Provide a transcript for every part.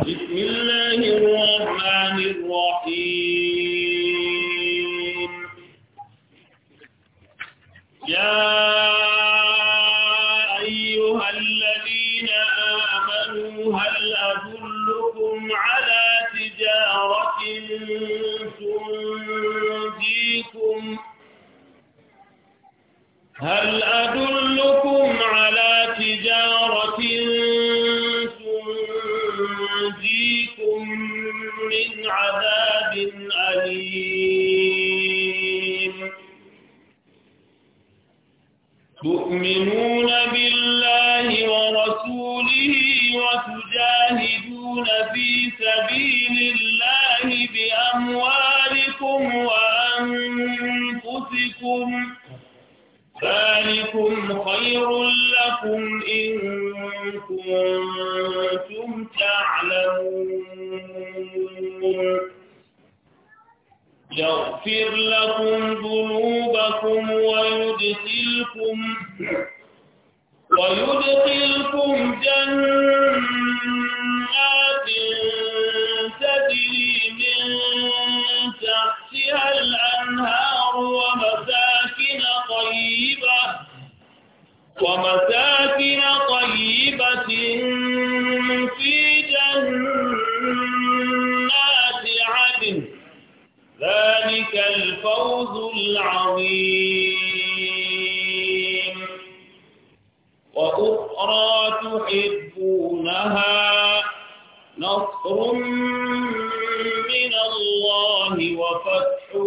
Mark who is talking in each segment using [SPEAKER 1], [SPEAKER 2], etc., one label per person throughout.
[SPEAKER 1] بسم الله الرحمن الرحيم يا أيها الذين آمنوا هل أدلكم على تجارة تنجيكم هل عذاب أليم
[SPEAKER 2] تؤمنون
[SPEAKER 1] بالله ورسوله وتجاهدون في سبيل الله بأموالكم وأنفسكم ذلكم خير لكم إن كنتم يغفر لكم ذنوبكم ويدخلكم ويدخلكم جنات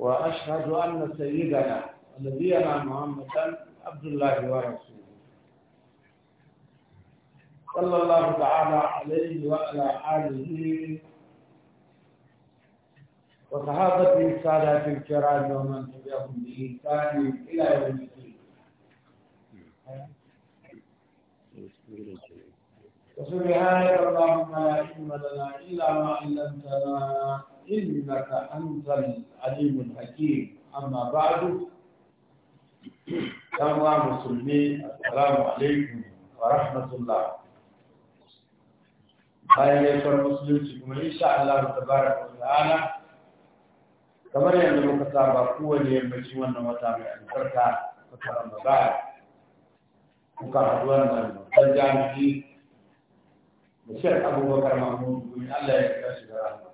[SPEAKER 2] وأشهد أن سيدنا نبينا محمدا عبد الله ورسوله صلى الله تعالى عليه وعلى آله وصحابته السادات الكرام ومن تبعهم بإحسان إلى يوم الدين وسبحانك اللهم لا علم لنا إلا ما علمتنا إنك أنت العليم الحكيم أما بعد كما مسلمين السلام عليكم ورحمة الله bayan ya far musulunci kuma insha Allah tabaraka wa ta'ala kamar yadda muka saba kowane yammaci wannan wata mai albarka wata Ramadan kuka haɗu wannan dan jami'i da Sheikh Abubakar Mahmud bin Allah ya kashi da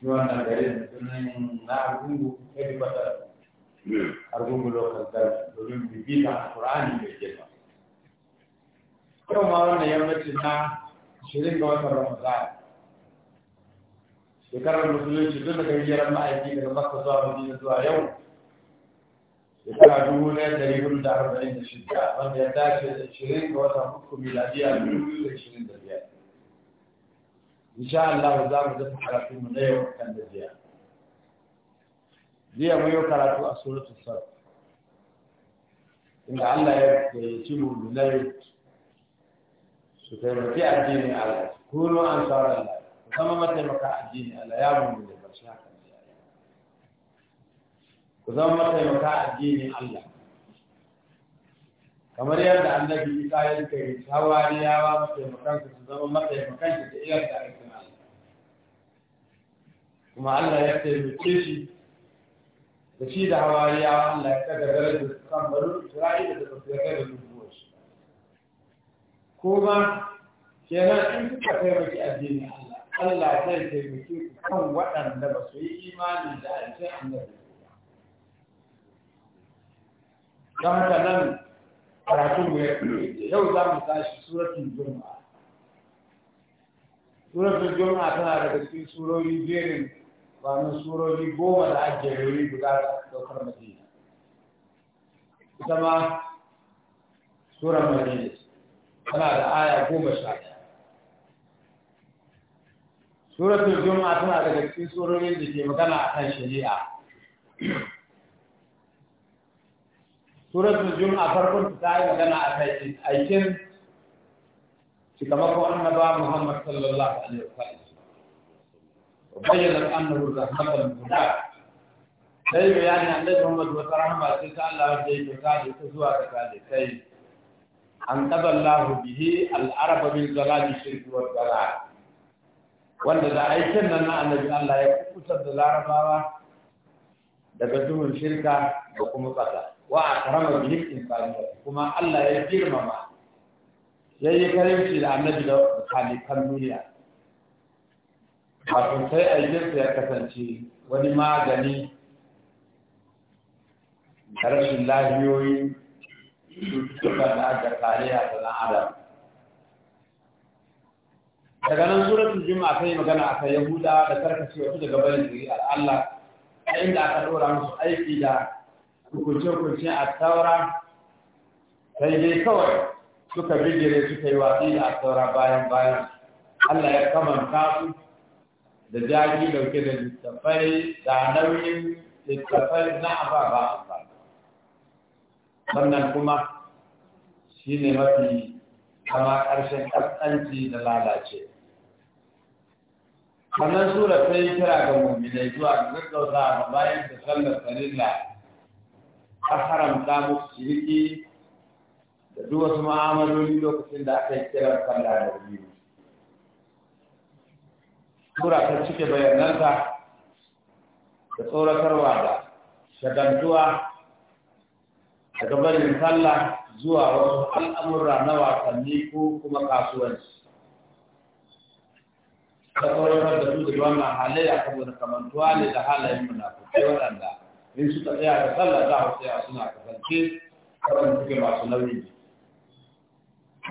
[SPEAKER 2] shi wannan da sunan na argungu heavy quarter hmm. argungu local government domin bibita a Qur'ani mai girma. Kuma ma wannan yammacin na shirin ga watan Ramadan. Shekarar Musulunci duk daga hijirar ma'aiki daga Makka zuwa Madina zuwa yau. Shekara dubu ɗaya ɗari hudu da arba'in da shida wanda ya dace da shirin ga watan uku miladiya dubu da shirin da biyar. insha Allah za mu dafa karatu mu na yau kan da jiya jiya mun yau karatu a suratul sarf inda Allah ya ci mu mulai su taimaki addinin Allah kuno an tsara Allah zama mataimaka addini Allah ya mu mulai barci haka ku zama mataimaka addinin Allah kamar yadda annabi isa ya kai tawariyawa mataimakan su zama mataimakan da iyar da aikin kuma Allah ya taimake shi da shi da hawariya Allah ya kaga darajar kan banu Isra'ila da basu yarda da nubuwar shi kuma kenan in kuka taimaki addinin Allah Allah zai taimake ku kan waɗanda ba su yi imani da ake annabi don haka nan karatun mu ya yau za mu tashi suratun juma'a suratun juma'a tana daga cikin surori jerin wani surori goma da ake wuri guda daukar madina ita ma suran madina tana da aya goma sha ɗaya suratul juma'a tana daga cikin surorin da ke magana a kan shari'a suratul juma'a farkon ta yi magana a kan aikin cikamakon annaba muhammad sallallahu alaihi وبينت أنه رحمة المهدى sai yi ya ne annabi Muhammad wata rahama ce ta Allah wanda ya kyauta da ita zuwa ga talibai an taballahu bihi al-araba wanda da aikin nan na annabi Allah ya kubutar da larabawa daga duhun shirka da kuma kasa wa akrama bihi insaniya kuma Allah ya girmama yayi karimci da annabi da taliban duniya wato sai aikinsa ya kasance wani magani da rashin lahiyoyi cututtukan da aka kare a sanan adam daga nan suratul jima'a sai magana a kan yahuda da karkacewa wasu daga barin a Allah a inda aka ɗora musu aiki da hukunce-hukunce a taura sai dai kawai suka bigire suka yi watsi da a taura bayan bayan Allah ya kamanta su da jaki dauke da littafai da nauyin littafai na ba ba wannan kuma shi ne mafi kama karshen ƙasƙanci da lalace wannan sura ta yi kira ga mummina zuwa da gaggauta a bayan da sallar farilla a haramta musu ciniki da duk wasu ma'amaloli lokacin da aka yi kira sallar da biyu tura ta cike bayanansa da tsoratarwa da shagantuwa daga barin sallah zuwa wasu al'amurra na wasanni ko kuma kasuwanci ta tsoratar da su da wannan kan wani kamantuwa ne da halayen munafukai waɗanda in suka tsaya da sallah za su tsaya suna kasance waɗanda suke masu nauyin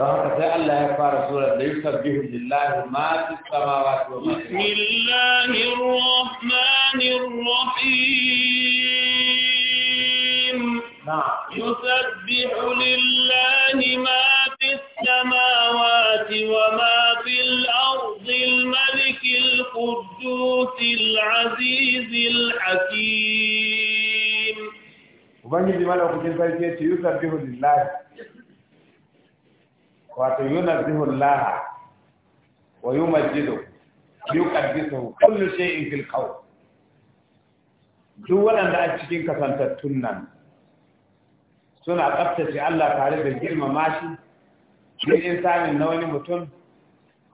[SPEAKER 2] الله لله ما في السماوات وما
[SPEAKER 1] بسم الله الرحمن الرحيم نعم يسبح لله ما في السماوات وما في الأرض الملك القدوس العزيز
[SPEAKER 2] الحكيم وبنجي بمعنى وكتن فالكيس يسبح لله wato yunazzihu Allah wa yumajjidu yuqaddisu kullu shay'in fil qawl duk waɗanda a cikin kasantattun nan suna tsaftace Allah tare da girmama shi bin insanin na wani mutum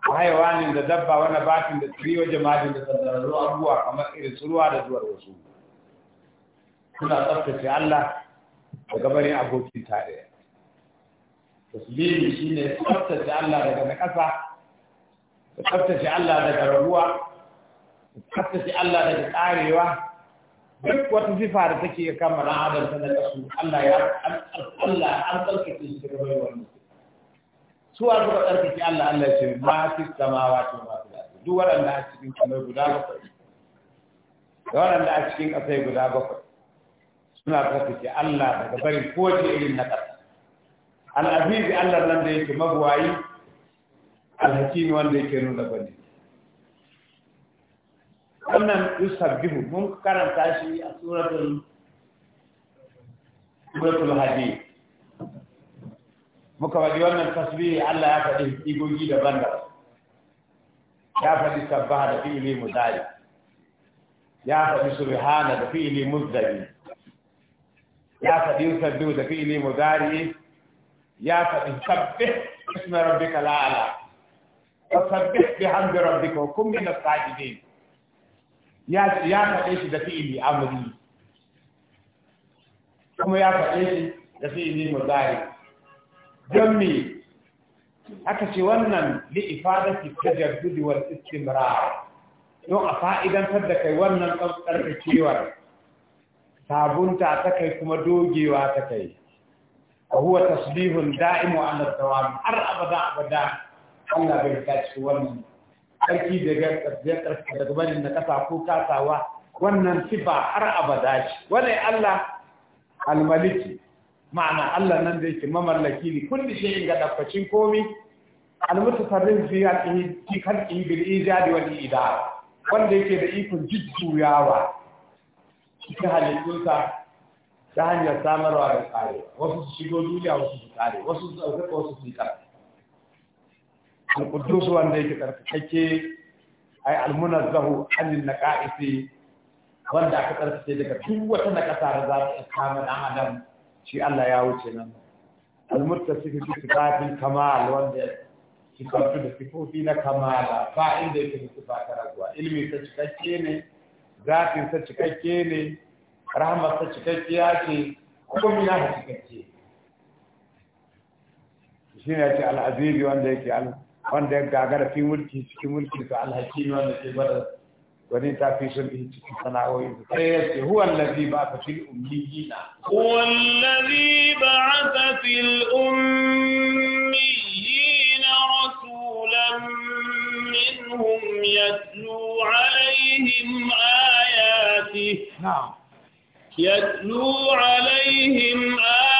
[SPEAKER 2] haiwanin da dabba wani batin da tsiri wajen majin da tsararru abubuwa kamar irin su ruwa da zuwar wasu suna tsaftace Allah daga barin abokin tare tasbihi shine tsaftace Allah daga ƙasa, tsaftace Allah daga rabuwa tsaftace Allah daga karewa duk wata sifa da take kama ran adam ta da su Allah ya Allah an tsarkake shi daga baiwar mutum su wa suka tsarkake Allah Allah ya ce ma fi samawati wa fi al duk waɗanda a cikin kamar guda bakwai da waɗanda a cikin ƙasai guda bakwai suna tsarkake Allah daga barin kowace irin na ƙasa العزيز الله لنده يكي مغواي الحكيم وانده يكي نولا بني أنا يسبه من كرم تاشي سورة سورة الحديث مكبدي وانا تسبيه الله يفعله يقول جيدا بندر يفعله سبحانه في إلي مدعي يفعله سبحانه في إلي مدعي يفعله سبحانه في إلي مدعي ya faɗi sabbih isma rabbika la'ala wa sabbih bihamdi rabbika wa kun min as-sajidin ya ya faɗe shi da fi'ili amri kuma ya faɗe shi da fi'ili mudari don me aka ce wannan li ifadati tajaddud wal istimrar don a fa'idantar da kai wannan tsarkakewar sabunta ta kai kuma dogewa ta kai وهو تسبيح دائم على الدوام har abada abada الله bai tashi wannan sarki daga tafiyar daga barin na kasa ko kasawa wannan sifa har abada shi wani Allah almaliki ma'ana Allah nan da yake mamallaki ne kulli shay'in ga dabbacin komi almutafarrin fi fi bil ijadi wal idara wanda yake da ikon jujjuyawa cikin halittunsa ta hanyar samarwa da tsare wasu su shigo duniya wasu su tsare wasu su ɗaukaka wasu su yi ƙarfi alƙudus wanda yake tsarkakakke ai almunazzahu na naqa'isi wanda aka tsarkake daga duk wata na ƙasa da za ta kama ɗan adam shi Allah ya wuce nan fi su sifatin kamal wanda ya sifatu da sifofi na kamala fa'in da yake su fata ta raguwa ilmi ta cikakke ne zafin ta cikakke ne rahmar ta cikakkiya ce ko mina ta cikakke shi ne ce al'azizi wanda yake al wanda ya gagara fi mulki cikin mulki sa alhakimi wanda ke bada wani ta fi sun yi cikin sana'o'i sai ya ce huwa allazi ba'atha fil ummiyina
[SPEAKER 1] huwa allazi ba'atha fil ummiyina rasulan minhum yatlu alaihim ayatihi na'am يتلو عليهم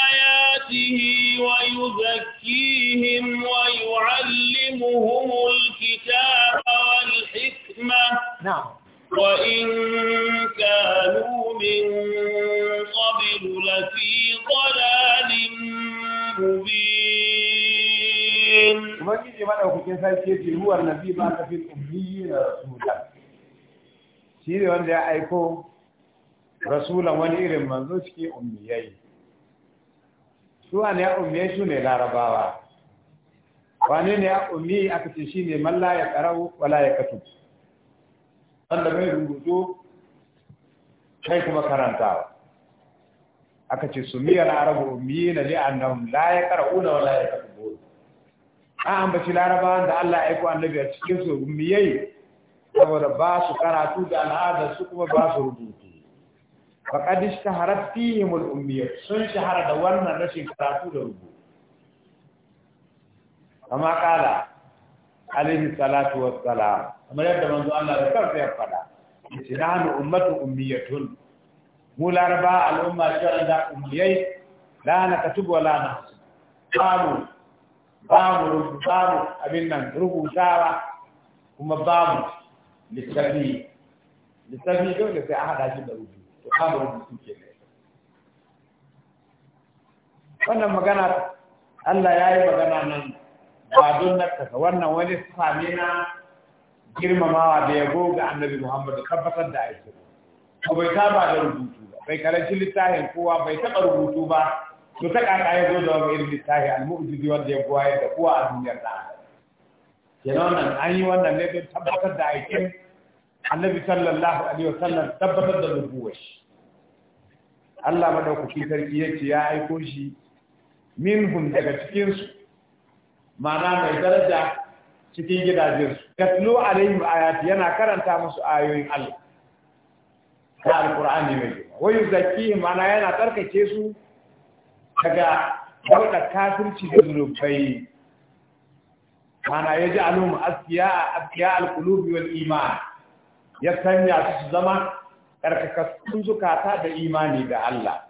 [SPEAKER 1] آياته ويزكيهم ويعلمهم الكتاب والحكمة نعم وإن كانوا من قبل لفي ضلال
[SPEAKER 2] مبين ومجد ما لو كنت سألت هو النبي في رسولا شيري وانجا أيكو rasulan wani irin manzo cikin ummiyai su ne ummiyai su ne larabawa wane ne a ummi aka ce shi ne malla ya karau wala ya katu wanda mai rubutu kai kuma karantawa aka ce su miyar arabu ummi na li annahum la ya karauna wala ya katu an ambaci larabawan da Allah ya aiko annabi a cikin su ummiyai saboda ba su karatu da al'adar su kuma ba su rubutu فقد اشتهرت فيهم الأمية سن شهر دوانا نشي كتاتو دربو كما قال عليه الصلاة والسلام أما يبدا من ذو الله ذكر في القناة إسلام أمة أمية مولا ربا الأمة شهر دا أمية لا نكتب ولا نحسن قالوا بام رب أبنا ربو شاوة هم بام للسبيل للسبيل يقول لك أحد عجب الوجود to wanda suke ne wannan magana Allah ya yi magana nan ba don na kasa wannan wani sami na girmamawa da ya ga annabi Muhammadu tabbatar da aiki ko bai saba da rubutu ba bai karanci littafin kowa bai taɓa rubutu ba to ta kaka ya zo da wani irin littafi al-mu'jizi wanda ya buwaye da kowa a duniyar da kenan nan an yi wannan ne don tabbatar da aikin annabi sallallahu alaihi wasallam tabbatar da nubuwar shi Allah madaukaki sarki yace ya aiko shi minhum daga cikin su mana mai daraja cikin gidajen su katlu alaihim ayat yana karanta musu ayoyin Allah ta alqur'ani mai girma wa yuzakkihim mana yana tsarkake su daga dauda kafirci da zulubai mana yaji alum askiya askiya alqulubi wal iman ya sanya su zama karkakakkun zukata da imani da Allah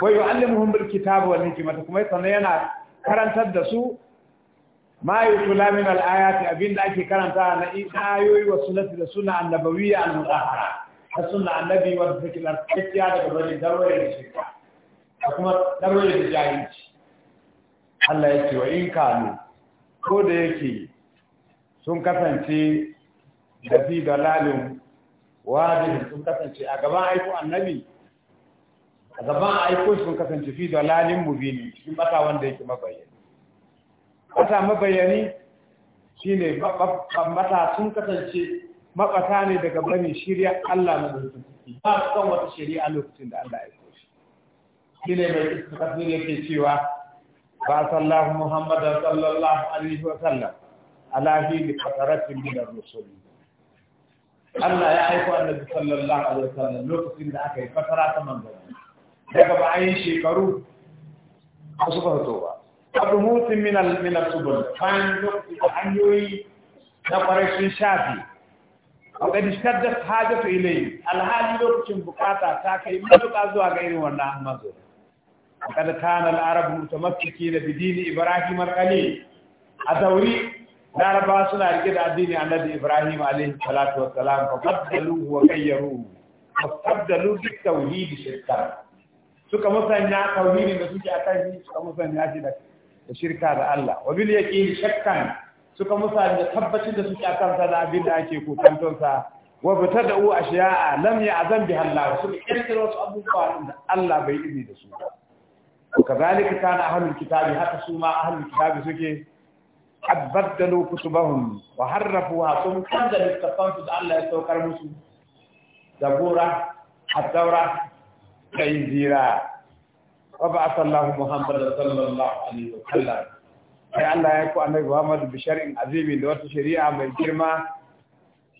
[SPEAKER 2] wa muhimmin kitabu kitabi ke mata? kuma sannan yana karantar da su ma kula min al’ayati abin da ake karanta na ayoyi wa sunati da suna a al mutahhara da suna annabi wa zikrar kiyya daga bari darwaye da shirka da kuma darwaye da Allah ya ce wa in kanu ko da yake sun kasance da fi dalalin wajen sun kasance a gaban aiko annabi a gaban aiko sun kasance fi dalalin mubini cikin bata wanda yake mabayani. bata shi ne bata sun kasance mabata ne daga bani shirya Allah na dukkan ba su kan wata shari'a lokacin da Allah ya aiko shi ne mai istiqamar yake cewa ba sallahu muhammadu sallallahu alaihi wa sallam ala fi fataratin min ar-rusul
[SPEAKER 1] Allah ya aiko annabi
[SPEAKER 2] sallallahu alaihi wasallam lokacin da aka yi fatara ta manzanni daga bayan shekaru ba su fahimto ba abu mutum min min al-subul bayan lokaci da hanyoyi na ƙwarashin shafi da istaddat hajatu ilayhi alhali lokacin bukata ta kai matuƙa zuwa ga irin wannan manzo kada kana al-arab mutamassikina bi dini ibrahim al a dauri larabawa suna rike da addini annabi ibrahim alaihi salatu wassalam fa faddalu wa kayyaru fa faddalu bi tauhid shirka suka musanya tauhidi da suke akan shi suka musanya shi da shirka da Allah wa bil yaqin shakkan suka musanya tabbacin da suke akan sa da abin da ake kokanton sa wa bitada'u ashiya'a lam ya'zam biha Allah suka kirkiro su abubuwa da Allah bai izini da su ba kazalika kana ahlul kitabi haka su ma ahlul kitabi suke qad baddalu kutubahum wa harrafuha sun da littafan su da Allah ya saukar musu zabura at-taura da injira wa ba'atha Allahu Muhammadan sallallahu alaihi wa sallam sai Allah ya ku annabi Muhammad bi shar'in azimi da wata shari'a mai girma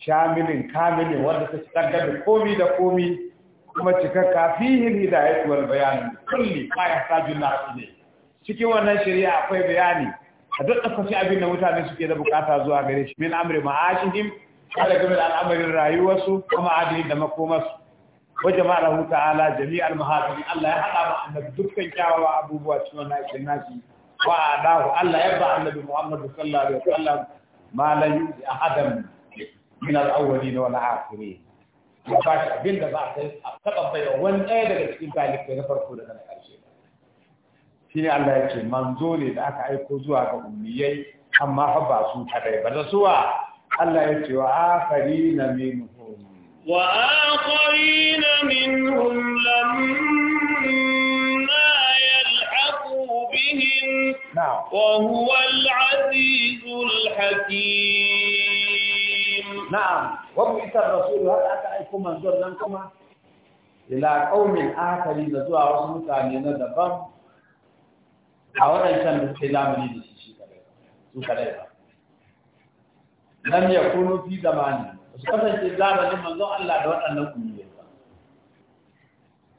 [SPEAKER 2] shamilin kamilin wanda ta tsagga da komi da komi kuma cikakka fihin hidayatu wal bayan kulli ma yahtaju an-nas ilayhi cikin wannan shari'a akwai bayani a duk ɗaukaci abin da mutane suke da bukata zuwa gare shi min amri ma'ashihim kada game da al'amarin rayuwarsu kuma adini da makomarsu wa jama'a ta'ala jami'al mahadin Allah ya hada ma annabi dukkan kyawawa abubuwa cikin wannan aikin nasi wa adahu Allah ya ba annabi Muhammad sallallahu alaihi wasallam ma la yuzi ahadan min al-awwalin wal akhirin ya ba shi abin da ba a taɓa bai wani ɗaya daga cikin talibai na farko da na ƙarshe shine Allah ya ce manzo ne da aka aiko zuwa ga ummiyai amma fa ba su kadai ba da suwa Allah ya ce wa akharina minhum wa akharina
[SPEAKER 1] minhum lamma yalhaqu bihim wa huwa al-azizul
[SPEAKER 2] hakim na'am wa bu'ita ar-rasul har aka aiko manzon nan kuma ila qaumin akharina zuwa wasu mutane na daban a waɗancan da suke zamani da shi shi su kare ba. Nan ya kuno fi zamani, ba su kasance zamanin manzo Allah da waɗannan ƙungiyar ba.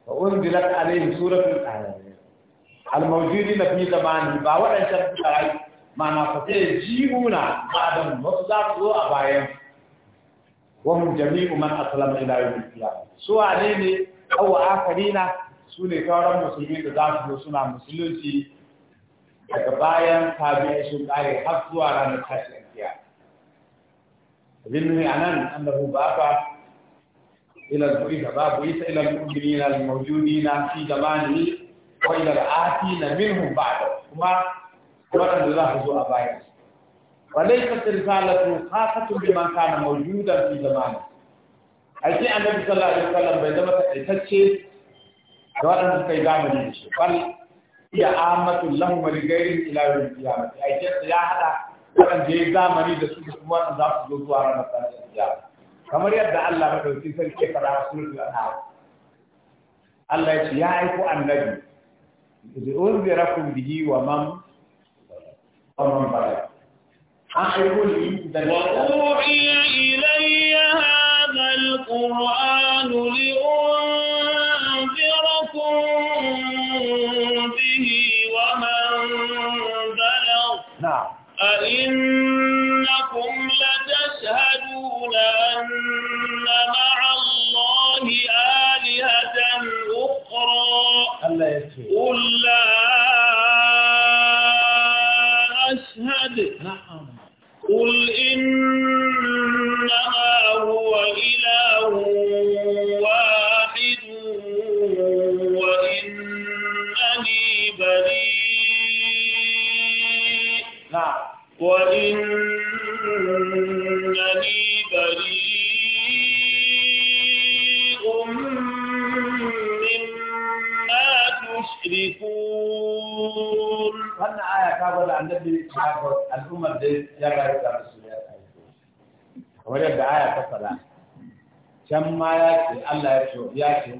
[SPEAKER 2] Ba un dilat alaihi suratul ayat. Al-mawjudi na fi zamani ba waɗancan da suka rayu ma na fate jihuna ba da mu za su zo a bayan wa hum jami'u man aslama ila yawmil qiyamah. Su wane ne awwa akhirina su ne kawaran musulmi da za su zo suna musulunci daga bayan tabi'ai sun kare har zuwa ranar tashin kiyama ذمني عن أنه بأبى إلى البعيد باب ليس إلى المؤمنين الموجودين في زمانه وإلى الآتين منهم بعده كما ورد الله ذو أبايس وليست رسالة خاصة بمن كان موجودا في زمانه أجي النبي صلى الله عليه وسلم بينما تأتي دوارا في زمانه بل iya amatul lahum gairin lighayrihim ila yawm ce ya hada waɗanda ya zamani da su kuma waɗanda za su zo zuwa ranar tashin kiyama kamar yadda Allah madaukakin sarki ya faɗa a suratul Allah ya ce ya aiko annabi da unzirakum bihi wa man wa man an aiko ne da wa
[SPEAKER 1] uhiya ilayya hadha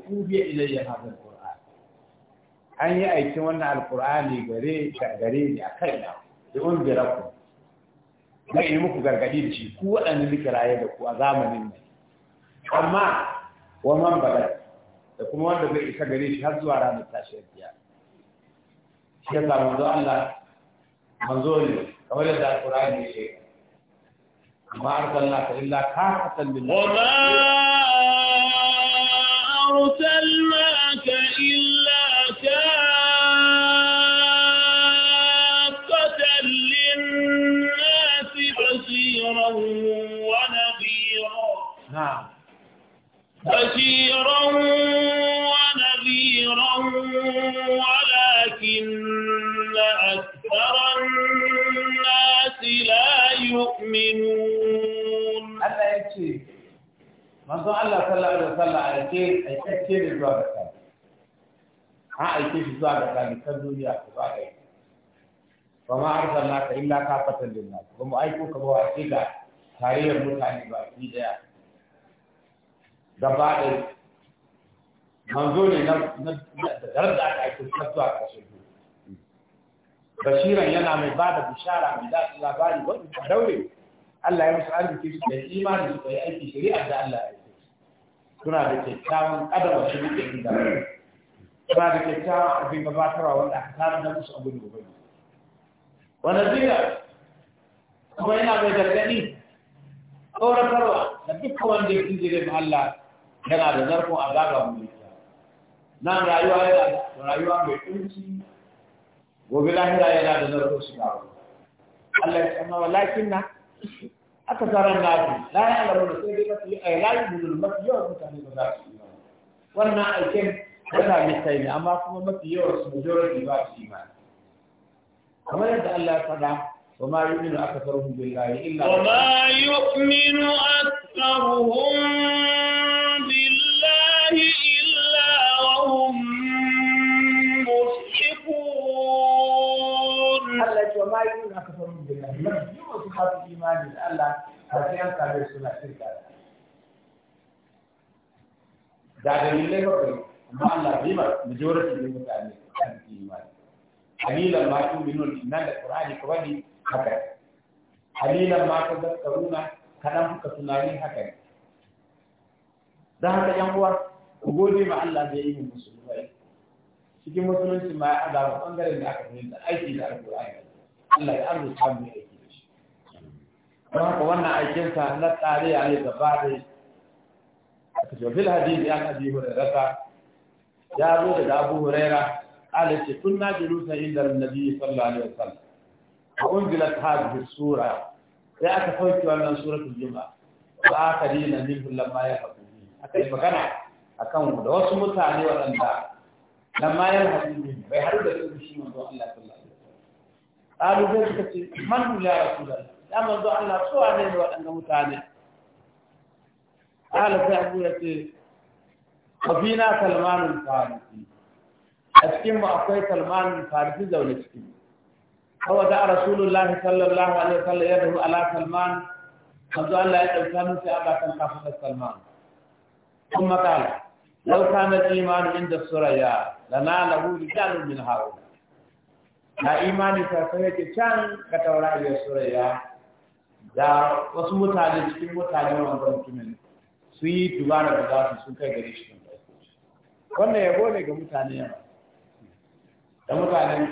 [SPEAKER 2] ubiya ilayya hadha alquran an yi aiki wannan alqurani gare gare ni akai na da unzira ku da yi muku gargadi da shi ku waɗanda muke raye da ku a zamanin nan amma wa man bada da kuma wanda bai isa gare shi har zuwa ranar tashiyar biya shi ya samu zuwa Allah manzo ne kamar yadda alqurani ya ce ma arsalnaka illa kafatan lil
[SPEAKER 1] أرسلناك إلا كافة للناس بصيرا ونذيرا نعم بصيرا ونذيرا ولكن أكثر الناس لا يؤمنون
[SPEAKER 2] الله يكفيك manzon Allah sallallahu alaihi wasallam a yake aikacce da zuwa da kan an aike shi zuwa da kan kan duniya ku ba da ba ma arsalna ka illa kafatan lin nas ba mu aiko ka ba shi da tarayyar mutane ba shi daya gaba da manzo ne na na da garda aka aiko shi zuwa ka shi bashiran yana mai ba da bishara mai da labari wanda daure Allah ya musu arziki su kai imani su kai aiki shari'a da Allah ya yi suna da kyakkyawan adama su rike inda suna da kyakkyawan abin gabatarwa wanda aka sanar da musu abin gobe wannan zira kuma yana mai gargadi tsoratarwa da duka wanda ya kinjire mu Allah yana da zarfin azaba mu nan rayuwa yana da rayuwa mai kunci gobe lahira yana da zarfin shiga Allah ya sanawa lakin na aka zaran nafi la ya da sai dai mafi a layi budul mafi yawan mutane ba za su yi wannan aikin yana misali ne amma kuma mafi yawan su majority ba su yi ba kamar yadda Allah ya faɗa wa ma yu'minu aktharuhum billahi illa wa ma masu imani da Allah ba sai an same suna shirka da dalilai bakwai amma Allah bai ma majority ne mutane kan imani halilan ma kun minun nan da Qur'ani ko wani haka halilan ma ka karuna kana kuka tunani haka dan haka yan uwa ku gode ma Allah da yi musulmai cikin musulunci ma ya ga bangaren da aka fahimta aiki da alƙur'ani Allah ya arzuta mu aiki don haka wannan aikinsa na tsari ya ne gaba da a kashofil hadisi an abi hurairata ya zo daga abu huraira ala ce tun na jirusa inda nabi sallallahu alaihi wasallam a unzilat hadhihi sura sai aka sauke wannan suratul juma'a ba aka dina min lamma ya haɗu aka yi magana akan da wasu mutane waɗanda lamma ya haɗu bai haɗu da su shi manzo Allah sallallahu alaihi wasallam qalu suka ce man ya rasulullah ya manzo Allah su wane ne waɗanda mutane ala sai abu ya ce kafina salmanun farisi a cikin mu akwai salmanun farisi zaune cikin kawai da rasulullahi sallallahu alaihi wa sallam. ya dahu ala salman manzo Allah ya dauka mu sai Allah kan kafa salman kuma kala لو كان الإيمان عند السريا Na رجال ta هؤلاء ke can ka كان كتوراء السريا da wasu mutane cikin mutane wanda ne su yi dubara da za su sun kai gari shi wannan yabo ne ga mutane yawa da mutanen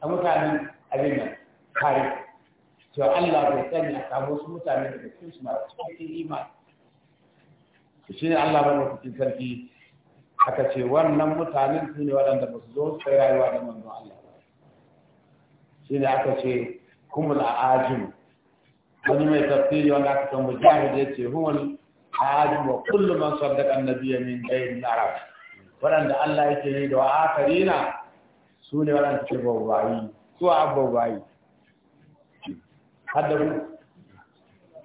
[SPEAKER 2] da mutanen abin nan kare to Allah bai sani a samu wasu mutane daga cikin su masu cikin imani to ne Allah ba lokacin sarki aka ce wannan mutanen su ne waɗanda ba su zo su kai rayuwa da manzon Allah shi ne aka ce kumul a'ajim wani mai tafsiri wanda aka san mujahid ya ce huwal ahad wa kullu man saddaqa annabiyya min ghayril arab wadanda Allah yake yi da akarina su ne wadanda ke bawayi su a bawayi hadda ku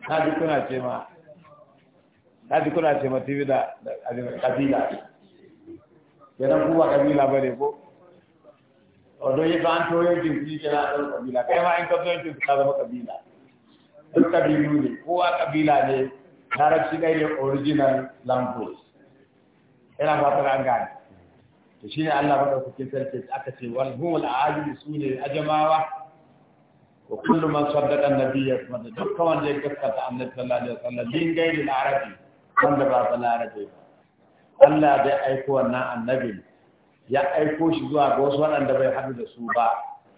[SPEAKER 2] na ji kuna ce ma na ji kuna ce ma tv da kabila kenan ku ba kabila bane ko wato yi ba an toyo jinsi kenan kabila kai ma in ka toyo jinsi ka zama kabila duk kabilu ne kowa kabila ne larabci ne ne original language yana fatar an gane to ne Allah ba kuke sarki aka ce wal humul aajil sune ajamawa wa kullu man saddaqa an-nabiyya wanda duk wanda ya gaskata annabi sallallahu alaihi wasallam din gairi arabi wanda ba ba arabi Allah ya aiko wannan annabi ya aiko shi zuwa ga wasu waɗanda bai haɗu da su ba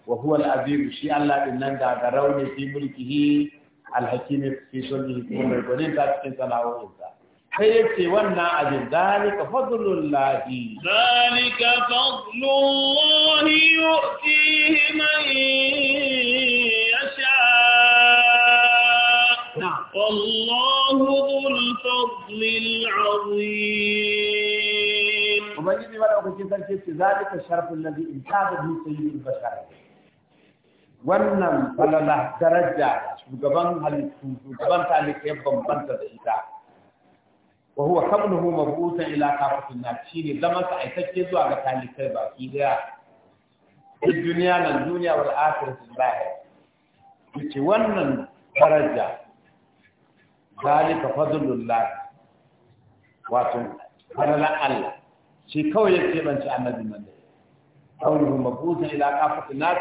[SPEAKER 2] wa huwa al azim shi Allah din nan da ga rauni fi mulkihi الحكيم في كل يوم يقول لك انت لا وانت حيث ونا اجل ذلك فضل الله
[SPEAKER 1] ذلك فضل الله يؤتيه من يشاء نعم والله
[SPEAKER 2] ذو الفضل
[SPEAKER 1] العظيم
[SPEAKER 2] وبجد ولو كنت ذلك الشرف الذي انتاج به سيد البشر wannan falala daraja shugaban halittu shugaban halittu bambanta da ita wa huwa qabluhu mabutan ila kafatin nas shine zaman sa aikakke zuwa ga talikai baki daya a duniya nan duniya wal akhirah zahir yace wannan daraja zalika fadlullah wato falala Allah shi kawai yake banci annabi man da qawluhu mabutan ila kafatin nas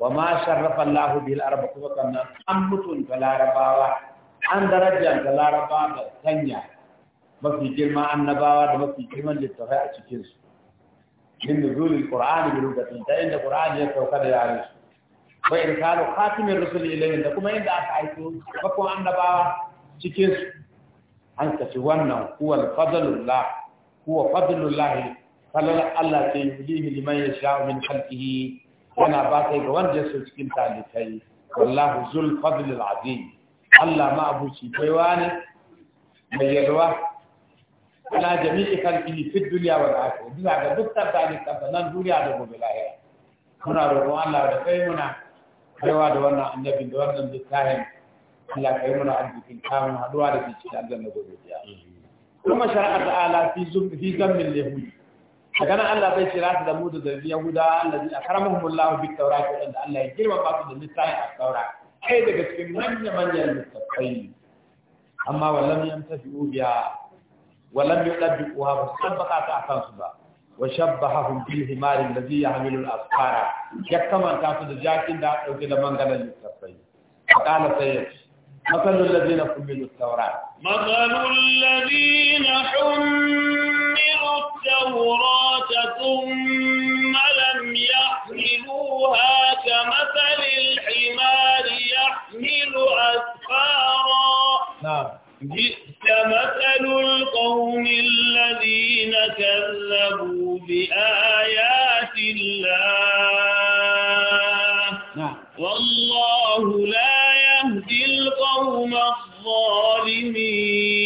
[SPEAKER 2] wa ma sharrafa Allah bil arba kuma kannan an mutunta larabawa an darajar da larabawa da sanya mafi girma annabawa da mafi girman littafai a cikin su min nuzulil qur'an bi lugatin da inda qur'an ya sauka da yare su wa irsalu khatimin rusul ilayhim da kuma inda aka aiko bakon annabawa cikin su an kace wannan huwal fadlullah huwa fadlullah falal Allah ta yulihi liman yasha'u min khalqihi yana ba kai ga wanda ya so cikin talibai wallahu zul fadl al azim Allah ma abuci baiwa ne mai yalwa ala jami'i kalbi fi dunya wal akhirah bisa ga dukkan talibai da nan duniya da gobe lahira muna roƙon Allah da kai muna baiwa da wannan annabin da wannan littafin Allah kai muna arzikin kamun haduwa da cikin aljanna gobe kuma shari'a ta'ala fi zumbi fi zammin yahudi daga nan Allah bai kira su da mu da zargi Yahuda Allah ya karamahu Allah bi taura da Allah ya girma ba su da littafin a taura kai daga cikin manyan manyan littafai amma wallan yamtafi'u biya wallan yudabbiquha ba sabbaka ta akan su ba wa shabbahahum bil himar alladhi yahmilu al asfara ya kamanta su da jakin da dauke da mangalan littafai qala sayyid مثل الذين حملوا التوراة
[SPEAKER 1] مثل الذين حملوا التوراة ثم لم يحملوها كمثل الحمار يحمل أسفارا نعم بئس مثل القوم الذين كذبوا بآيات الله نعم والله لا يهدي القوم
[SPEAKER 2] الظالمين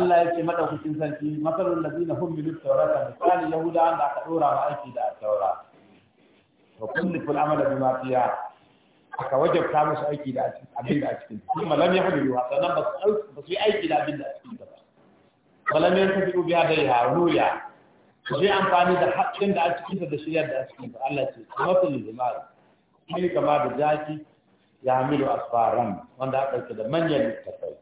[SPEAKER 2] Allah ya ce madaukakin sarki masalul ladina hum min tawrata misali yahuda an da aka ɗora ma aiki da taura wa kullu fil amala bima fiha aka wajabta musu aiki da abin da a cikin kuma lam yahdu wa sanan ba su yi aiki da abin da a cikin ba walam yantafi'u biha daiha ruya su yi amfani da haƙƙin da a cikin da shiryar da a cikin Allah ce masalul zimar shi kama da zaki ya hamilu asfaran wanda aka ce da manyan littafai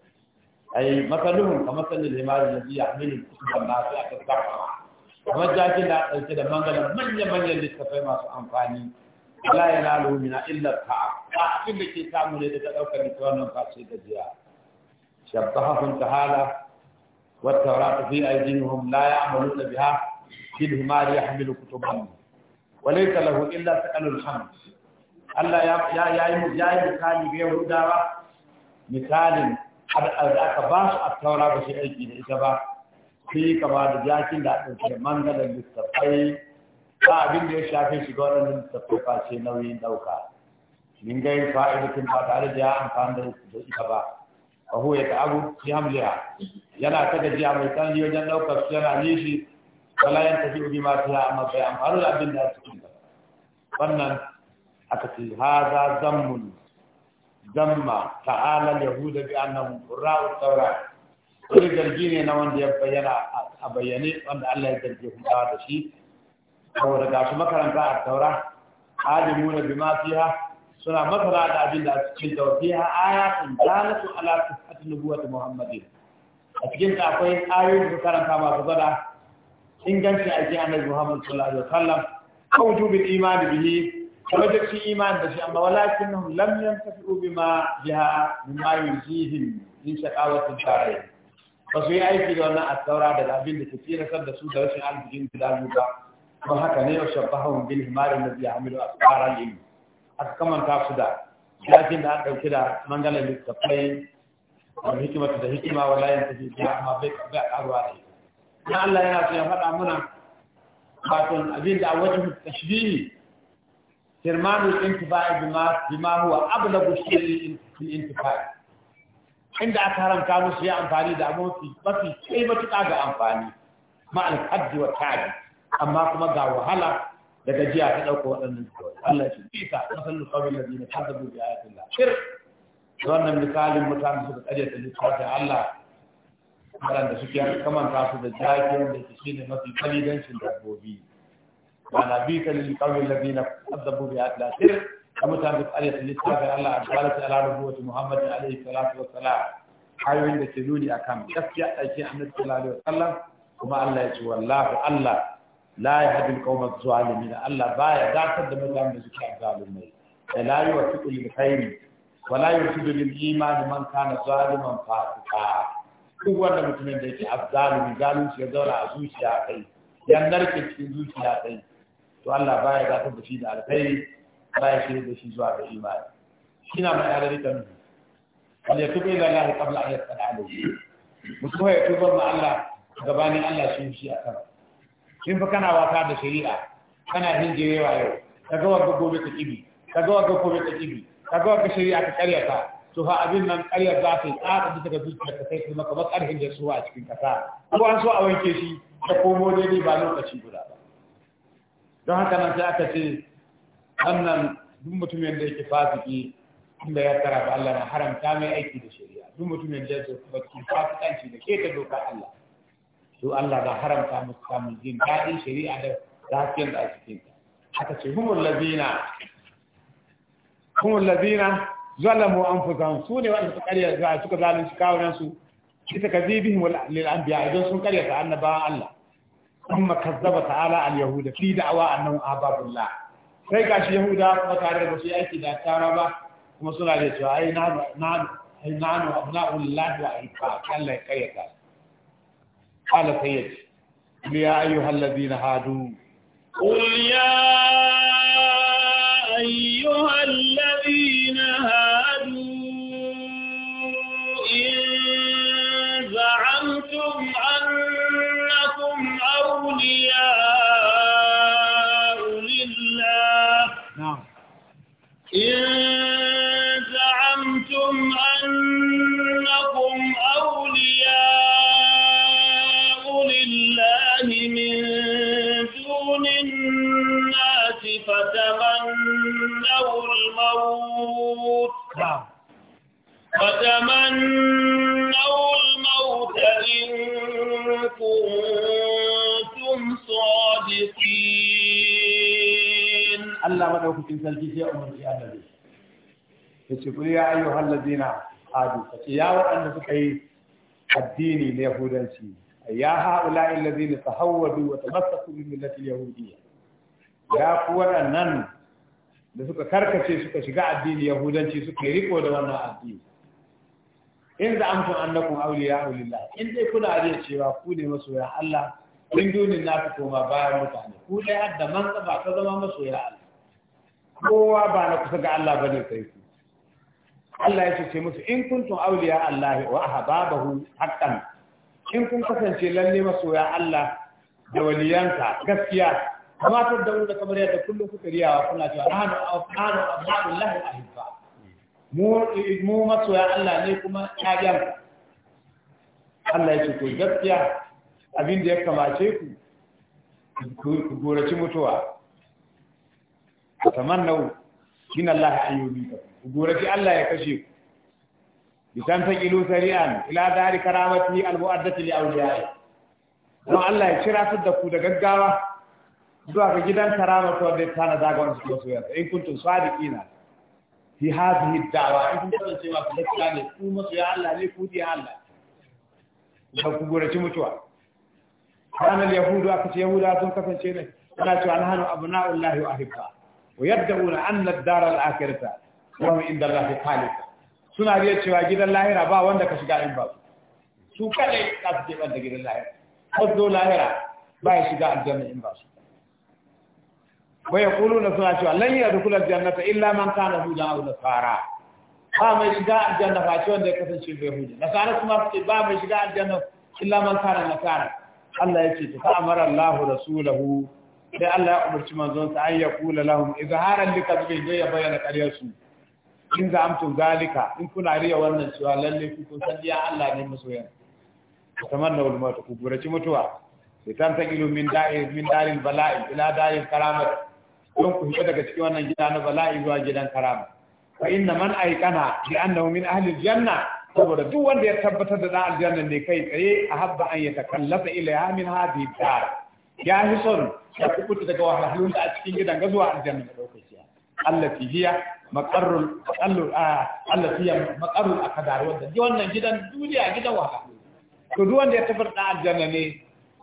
[SPEAKER 2] ai masaluhum kamar sanin limarin da biya mini kusan na sai aka zaka kamar jakin da ɗauke da mangala manya-manyan littattafai masu amfani ya yanalu mina illa ta. ba abin da ke samu ne daga ɗaukar littafin nan face gajiya shabbahahum ta'ala wa tawratu fi aydihim la ya'maluna biha bil himari yahmilu kutuban Wale ta lahu illa sa'alul hamd Allah ya ya ya yi misali ga Yahudawa misalin da aka ba su a taura ba shi aiki da ita ba sai kama da jakin da ɗauke da mangalar littattafai ba abin da ya shafi shi ga waɗannan littattafai ba ce nauyin ɗauka min gai fa'idatin ba tare da ya amfani da ita ba fa huwa yata'abu fi hamliha yana ta gajiya mai tsanani wajen ɗaukar su yana nishi wala yan tafi ubi ma fiha amma bai amfani da abin da ya cikin wannan aka ce haza zammun damma ta'ala yahuda bi annahum qurra'u tawrat wani zargi ne na wanda ya bayyana a bayyane wanda Allah ya zargi hudawa da shi saboda ga su makaranta a taura alimuna bi ma suna masana da abin da a cikin tawfiha ayatun dalatu ala sifati nubuwati muhammadin a cikin ta akwai ayoyi da karanta masu gada inganci aiki annabi muhammad sallallahu alaihi wasallam kan wujubin imani bihi في إيمان بشيء أما ولكنهم لم ينتفعوا بما بها مما يجيهم من شقاوة الدارين فسوي أي في وانا التوراة الأبين كثيرة سبب سودة وشن على الجن بالأجوبة وهكا نيو شبههم بالهمار الذي يعمل أسفار الإيمان أتكمن تافسدا لكن هذا كده من قال لي تقلين والحكمة الحكمة ولا ينتفي بها ما بك بيك أرواحي لعل ينافي فقط منا فاتن أبين دعوته التشبيه كرمال الانتفاع بما بما هو ابلغ الشيء الانتفاع عند اكرم كانوا شيء ان فاني دعمو في بس اي ما تقاغ ان فاني مع الحد والتعب اما كما دا daga jiya ta dauko wadannan Allah shi fika masallu qawl ladina tahaddabu bi ayati Allah shir wannan misalin mutane suka kaje ta ni kawai Allah waɗanda suke kamar tasu da jakin da su shine mafi kalidan shi dabbobi wala bita lil qawmi alladhina kadhabu bi ayati akhir kamu ta bi ayati littafi Allah ta'ala ta'ala nabiyyi Muhammad alayhi salatu wa salam hayyun da tiluni akan gaskiya ake annabi sallallahu alaihi wasallam kuma Allah ya ji wallahi Allah la yahdi alqawma adh-dhalimin Allah baya dakar da mutanen da suke zalimai la yuwaffiqu lil khayr wa la yurshidu lil iman man kana zaliman fasika duk wanda mutumin da yake azzalimi zalunci ya zaura a zuciya kai ya narke cikin zuciya kai to Allah baya gafar da shi da alkhairi baya shirya da shi zuwa ga imani kina mai alari kan wal yatubu ila Allah qabla an yasal alayhi mutum ya tuba ma Allah gabanin Allah shi shi akan in fa kana wasa da shari'a kana hinjirewa yau kaga wanda gobe ka kibi kaga wanda gobe ka kibi kaga wanda shari'a ka karyaka. to fa abin nan karyar za ta yi tsara da daga zuciya ka sai kuma kamar karhin da suwa a cikin kasa ko an so a wanke shi ta komo daidai ba lokaci guda ba don haka nan sai aka ce wannan duk mutumin da yake fasiki da ya tara ba Allah na haramta mai aiki da shari'a duk mutumin da yake fasiki fasikanci da keta dokar Allah to Allah ba haramta musu samun jin daɗin shari'a da lafiyar da ake cikin aka ce humul ladina humul ladina zalamu anfusahum su ne wanda suka karya suka zalunci kawunan su bisa kadhibihim lil anbiya idan sun karya ta annabawan Allah kuma kazzaba ta'ala al-yahuda fi da'awa annahu ababullah sai gashi yahuda kuma tare da su aiki da tara ba kuma suna da cewa ai na na ai na no abna'ullah wa aifa Allah ya kare ka qala sayyid ya ayyuhal ladina hadu
[SPEAKER 1] qul ya وتمنوا الموت إن كنتم صادقين
[SPEAKER 2] الله ودعوك في سلسي شيء أمر في النبي يقول يا أيها الذين آدوا يا وأن تكي الدين اليهودانسي يا هؤلاء الذين تهودوا وتمسكوا بالملة اليهودية يا قوانا نن da suka karkace suka shiga addini yahudanci suka yi riko da wannan addini in da aure ya awliya'u lillah in dai kuna da cewa ku ne masoya Allah in dunin na fi koma bayan mutane ku dai hadda man ba ka zama masoya Allah kowa ba na kusa ga Allah bane kai ku Allah ya ce musu in kuntum awliya Allah wa ahbabahu haqqan in kun kasance lalle masoya Allah da waliyanka gaskiya kamata da wanda kamar yadda kullum kuka riyawa kuna cewa nahnu nahnu abdullahi ahibba mu masoya Allah ne kuma ƴaƴan Allah ya ce ku gaskiya abin da ya kamace ku ku goraci mutuwa ku nau gina Allah an yubi ku goraci Allah ya kashe ku bisan ta ilu sari'an ila zari karamati albu'addati li auliyai don Allah ya kira su da ku da gaggawa zuwa ga gidan karamatu da ya tana zagon wani su masoya in kuntum sadiqina fi hadhihi da'wa in kun kasance ma ku gaskiya ne ku masu ya Allah ne Allah ba ku gorace mutuwa kana yahudu aka ce yahuda sun kasance ne ana cewa nahnu abna'ullahi wa ahibba wa yad'una anna ad-dar al-akhirata wa hum inda Allah khaliq suna riya cewa gidan lahira ba wanda ka shiga in ba su je gidan lahira lahira ba ya shiga in ba su wa yaquluna suna cewa lan yadkhul aljannata illa man kana huda aw nasara ba mai shiga aljanna ba ce wanda ya kasance bai huda nasara kuma ce ba mai shiga aljanna illa man kana nasara Allah ya ce to fa amara Allah rasulahu sai Allah ya umarci manzon sa an yaqula lahum izharan likadbin ya bayyana ƙaryarsu in za amtum zalika in kuna riya wannan cewa lalle ku kun san ya Allah ne masoyan kamar na ulama ku gurace mutuwa sai tan ta ilu min min dalil bala'i ila dalil karamat don ku fita daga cikin wannan gida na bala'i zuwa gidan karama fa inna man aikana bi annahu min ahli janna saboda duk wanda ya tabbatar da dan aljanna ne kai tsaye a habba an ya takallafa ila min hadhihi dar ya fi son ya kubuta daga wahalhalun da a cikin gidan ga zuwa aljanna da lokaci Allah fi hiya maqarrul a Allah fi maqarrul akdar wanda duk wannan gidan duniya gidan waka. to duk wanda ya tabbatar da aljanna ne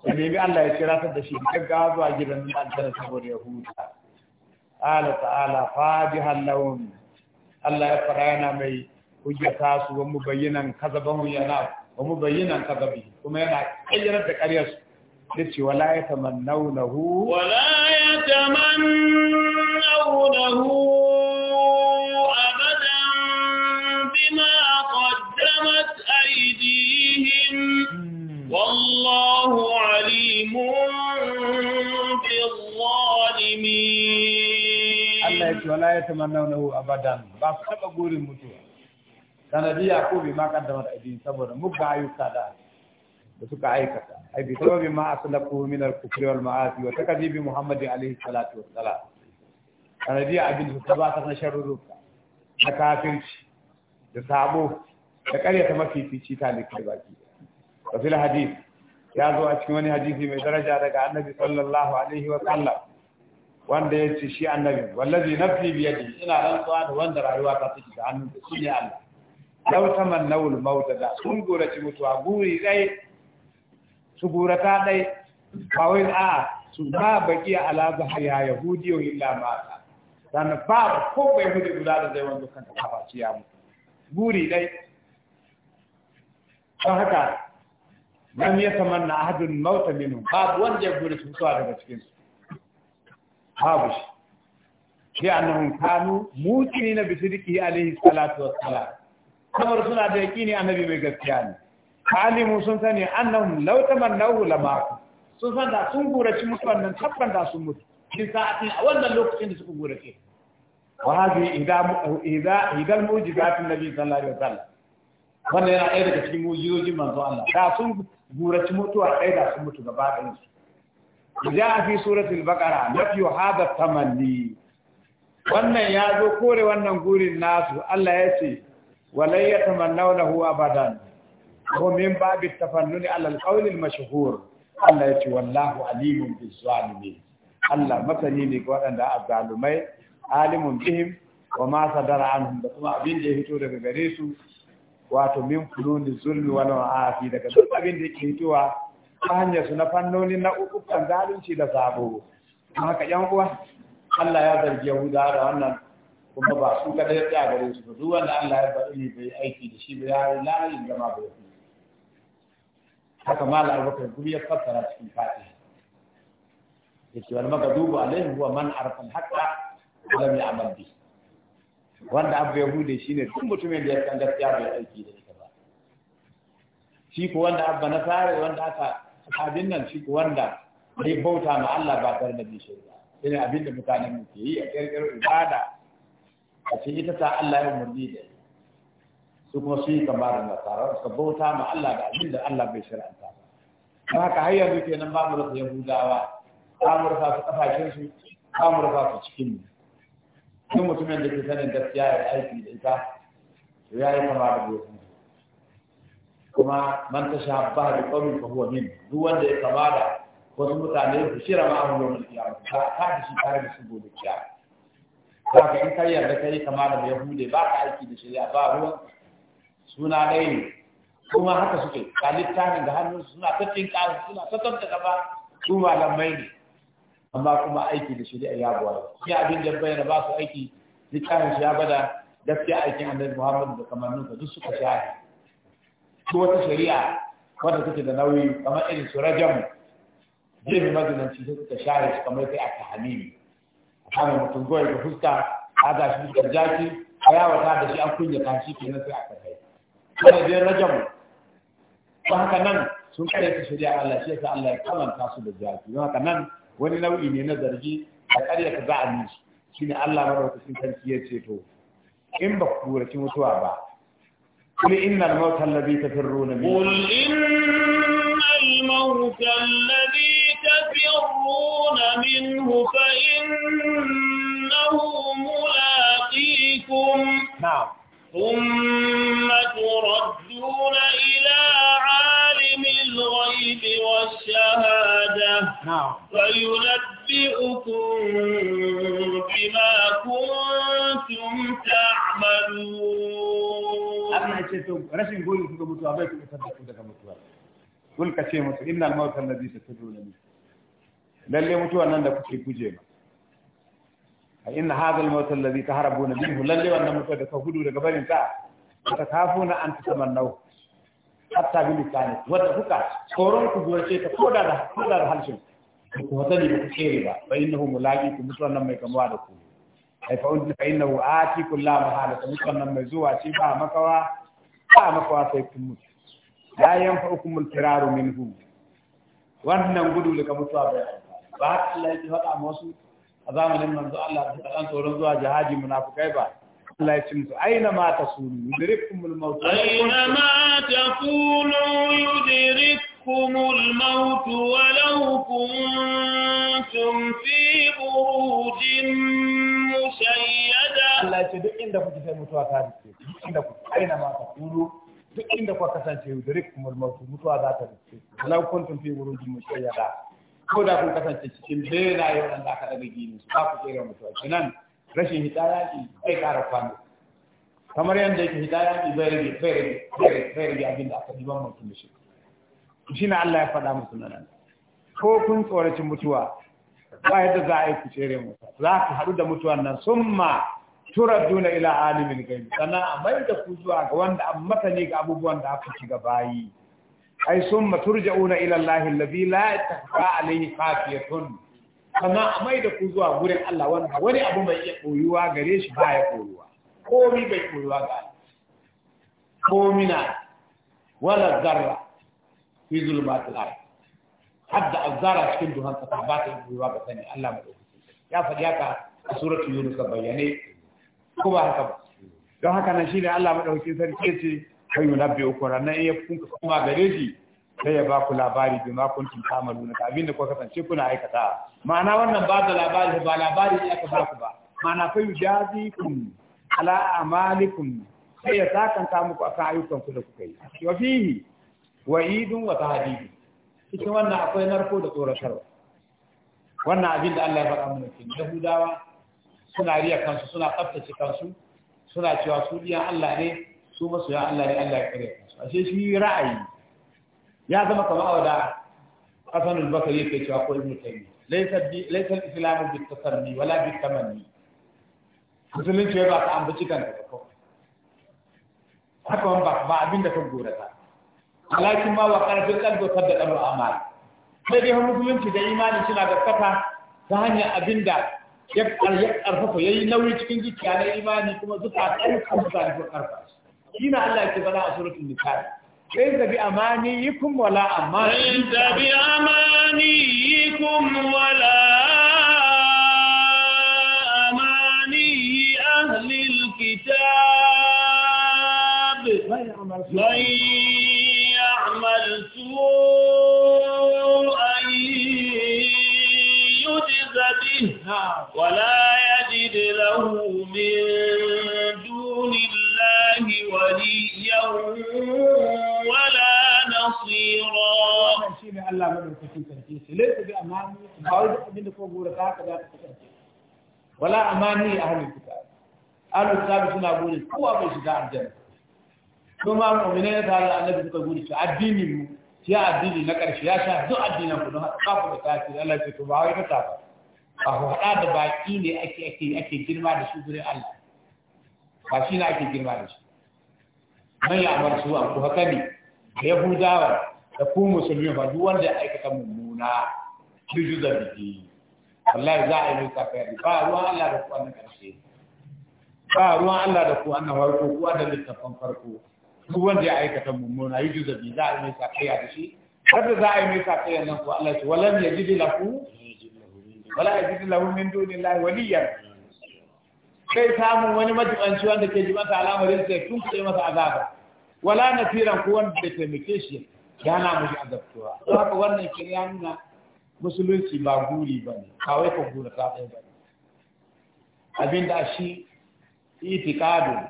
[SPEAKER 2] ya nemi Allah ya kira ta da shi gaggawa zuwa gidan aljanna saboda ya huta قال تعالى Allah ya fara yana mai hujjata su wa mu mubayyinan kazabahu yana wa mu mubayyinan kazabi kuma yana kayyarar da ƙaryar su yace wala yatamannawnahu wala hu? shi wala ya na tamannahu abadan ba su taba gurin mutuwa ya ko bi ma kaddama da idin saboda ga ayyuka da da suka aikata ai bi bi ma aslaku min al-kufri wal ma'asi wa takdibi muhammadin alayhi salatu wassalam sanadiya abin ba tabata na sharuru da kafirci da sabo da karyata mafifici ta likai baki wa fil hadith ya zo a cikin wani hadisi mai daraja daga annabi sallallahu alaihi wa sallam wanda ya ce shi annabi wallazi nafsi bi yadi ina rantsuwa da wanda rayuwa ta take da hannun da ne Allah law wal mauta da sun ci mutuwa guri dai su ta dai ba wai a su ba baki ala bahriya yahudi wa illa ma dan ba ko bai hudu guda da zai wanda kanta ba ci ya mu guri dai ta haka lam yatamanna ahadun mauta minhum babu wanda ya ci mutuwa daga cikin su babu shi sai annahum kanu muqinina na sidqihi alaihi salatu wassalam kamar suna da yaqini annabi mai gaskiya ne alimu sun sani annahum law tamannahu lama sun san da sun gurace musu wannan tabban da sun mutu shin sa'atin a wannan lokacin da suka gurace wa hadhihi idza idza idal mujizat annabi sallallahu alaihi wasallam wannan yana ɗaya daga cikin mujizoji manzo Allah da sun gurace mutuwa ɗaya da sun mutu gaba ɗayan su جاء في سورة البقرة نفي هذا التمني wannan ya zo kore wannan gurin nasu Allah ya ce walai ya tamannahu abadan ko min babu tafannuni ala alqawl almashhur Allah ya ce wallahu alimun bizzalimin Allah masani ne ga waɗanda azzalumai alimun bihim wa ma sadara anhum da kuma abin da ya fito daga gare su wato min fuluni zulmi wal afi daga duk abin da yake fitowa ta hanyar su na fannoni na uku kan zalunci da sabo haka yan uwa Allah ya zargi Yahuda da wannan kuma ba su da ya gare su ba duk wanda Allah ya bari ne bai aiki da shi ba ya yi lalayin gama ba yafi haka mala abubakar guri ya fassara cikin ce yake wal magadubu alaihi huwa man arfan al-haqqa wa lam ya'mal wanda abu ya hude shine duk mutumin da ya san gaskiya bai aiki da ita ba shi ko wanda abu na sare wanda aka abin nan shi wanda bai bauta ma Allah ba tare da shi ba ina abin da mutanen mu ke yi a kirkir ibada a cikin ita ta Allah ya umurni da su kuma su yi kamar nasara su bauta ma Allah da abin da Allah bai shar'anta ba don haka har yanzu kenan ba mu rasa yahudawa ba mu rasa su kafashin su ba mu rasa su cikin mu duk mutumin da ke sanin gaskiya ya aiki da ita ya yi kama da bai kuma man ta ba da kawai fa huwa min duk wanda ya kama da wasu mutane su shira ma a yawon kiyama ta ka da shi tare da su gobe kiyama ta ka in kai yarda kai kama da hude ba ka aiki da shari'a ba ruwan suna ɗaya ne kuma haka suke ka littafin da hannun suna ta tinka suna ta tanta gaba su malamai ne amma kuma aiki da shari'a ya buwa shi abin da bayyana ba su aiki littafin shi ya bada gaskiya aikin annabi Muhammadu da kamannin ka duk suka shahi ko wata shari'a wanda take da nauyi kamar irin su rajam jami mazinanci sai suka share shi kamar sai a tahamimi kamar mutum goyi da fuska a ga shi da jaki a yawata da shi an kunya kashi kenan sai aka kai wanda dai rajam ba haka nan sun kare su shari'a Allah shi yasa Allah ya kamanta su da jaki don haka nan wani nau'i ne na zargi a ka za a nishi shine Allah madaukakin sarki ya ce to in ba ku kuraci mutuwa ba قل إن الموت الذي تفرون منه قل إن
[SPEAKER 1] الموت الذي تفرون منه فإنه ملاقيكم نعم ثم تردون إلى عالم الغيب والشهادة نعم فينبئكم بما
[SPEAKER 2] كنتم تعملون ce to rashin gori su ga mutuwa bai kuma isar daga mutuwa kun ka ce musu innal mauta alladhi tataduna min lalle mutuwa nan da kuke kuje ma a inna hadha al mauta alladhi taharabuna minhu lalle wannan mutuwa da ka gudu daga barin ta ta kafuna an tatamannau hatta bi lisani wanda kuka koron ku ce ta koda da koda da halshin ku wata ne ku tsere ba fa innahu mulaqi ku mutuwa nan mai kamuwa da ku ai fa innahu ati kullu mahala mutuwa nan mai zuwa shi ba makawa ba makawa sai kun mutu la yanfa'ukum al-firaru minhum wannan gudu daga mutuwa bai ba Allah ya faɗa musu a zamanin manzo Allah da ɗan tsoron zuwa jihadi munafikai ba Allah ya ce musu aina ma tasunu yudrikumul maut aina ma
[SPEAKER 1] takunu yudrikumul maut walau kuntum fi burujin mushayyin Allah ce
[SPEAKER 2] duk inda kuke sai mutuwa ta dace duk inda ku aina ma ka kulu duk inda ku kasance yudrik kumul mautu mutuwa za ta dace law kuntum fi wurin wurudin da ko da kun kasance cikin yau an aka daga gini su ba ku kera mutuwa kenan rashin hidaya ki zai kara kwano kamar yadda yake hidaya ki bai rage bai rage bai rage abin da aka diban mutum shi shi na Allah ya faɗa musu nan ko kun tsoraci mutuwa ba yadda za a yi ku cere mutuwa za ku haɗu da mutuwan nan summa turadduna ila alimin gaibi sannan a mai da ku zuwa ga wanda an masani ga abubuwan da aka shiga bayi ai sun maturja'una ila allahi allazi la takhfa alayhi khafiyatun sannan a mai da ku zuwa gurin Allah wanda wani abu mai iya koyuwa gare shi ba ya koyuwa komi bai koyuwa ga komi na wala zarra fi zulmatil ard hadda azara cikin duhan ta ba ta koyuwa ga sani Allah mai ya faɗi haka a suratul yunus bayyane ko ba haka ba don haka nan shi ne Allah madaukakin sarki ce kan yunabbi uku ranan ya kunka kuma gare shi sai ya ba ku labari bi ma kuntum na ka abinda ko kasance kuna aikata ma'ana wannan ba da labari ba labari ne aka ba ku ba ma'ana fa yujazikum ala amalikum sai ya sakanta muku akan ayyukan ku da kuka yi wa fihi wa'idun wa tahdidun cikin wannan akwai narko da tsoratarwa wannan abin da Allah ya faɗa mana cikin Yahudawa suna riya kansu suna tsaftace kansu suna cewa su biyan Allah ne su masoyan Allah ne Allah ya kare kansu ashe shi ra'ayi ya zama kamar awada Hassan al-Bakari yake cewa ko Ibn Taymiyyah laysa laysa al-islam bi tasanni wala bi tamanni musulunci ba ka ambaci kanka ba ko haka ba ba abin da ka gora ta alakin ma wa qarfin qalbi kadda dalu amal sai dai musulunci da imani suna da kafa ta hanyar abinda يقدر يقدر فوق يي نوي تكين جي كان ايماني كما زكا تاي كان زكا ارفع ان الله تبارك سوره النساء ليس بامانيكم ولا امان ليس بامانيكم ولا
[SPEAKER 1] اماني اهل الكتاب لن يعمل سوء ولا يجد له من دون الله وليا
[SPEAKER 2] ولا نصيرا ليس بأماني بعض من فوق
[SPEAKER 1] ولا أماني
[SPEAKER 2] أهل الكتاب أهل الكتاب سنة أقول هو بيشجع الجنة ثم المؤمنين تعالى النبي تقول الدين يا الدين لك الشياشة دو الدين أقول أنا كافر كافر الله يتوب عليك كافر a hada da baki ne ake ake ake girma da su gurin Allah ba shi ne ake girma da su man ya amar su an kuka ne da yahudawa da ku musulmi ba duk wanda ya aikata mummuna juju da biki wallahi za a yi mai yadda ba ruwan Allah da ku annan karshe ba ruwan Allah da ku annan farko ku annan littafin farko duk wanda ya aikata mummuna yuju da biki za a yi mai kafiri da shi kada za a yi mai kafiri nan ku Allah ya ce walam wala yajidu lahu min dunillahi waliyan Kai samun wani majibanci wanda ke ji masa al'amarin sai tun sai masa azaba wala nasiran ko wanda da taimake shi yana mashi azabtuwa don haka wannan shi ya nuna musulunci ba guri ba ne kawai ka gura ta ɗaya ba abinda shi itikadu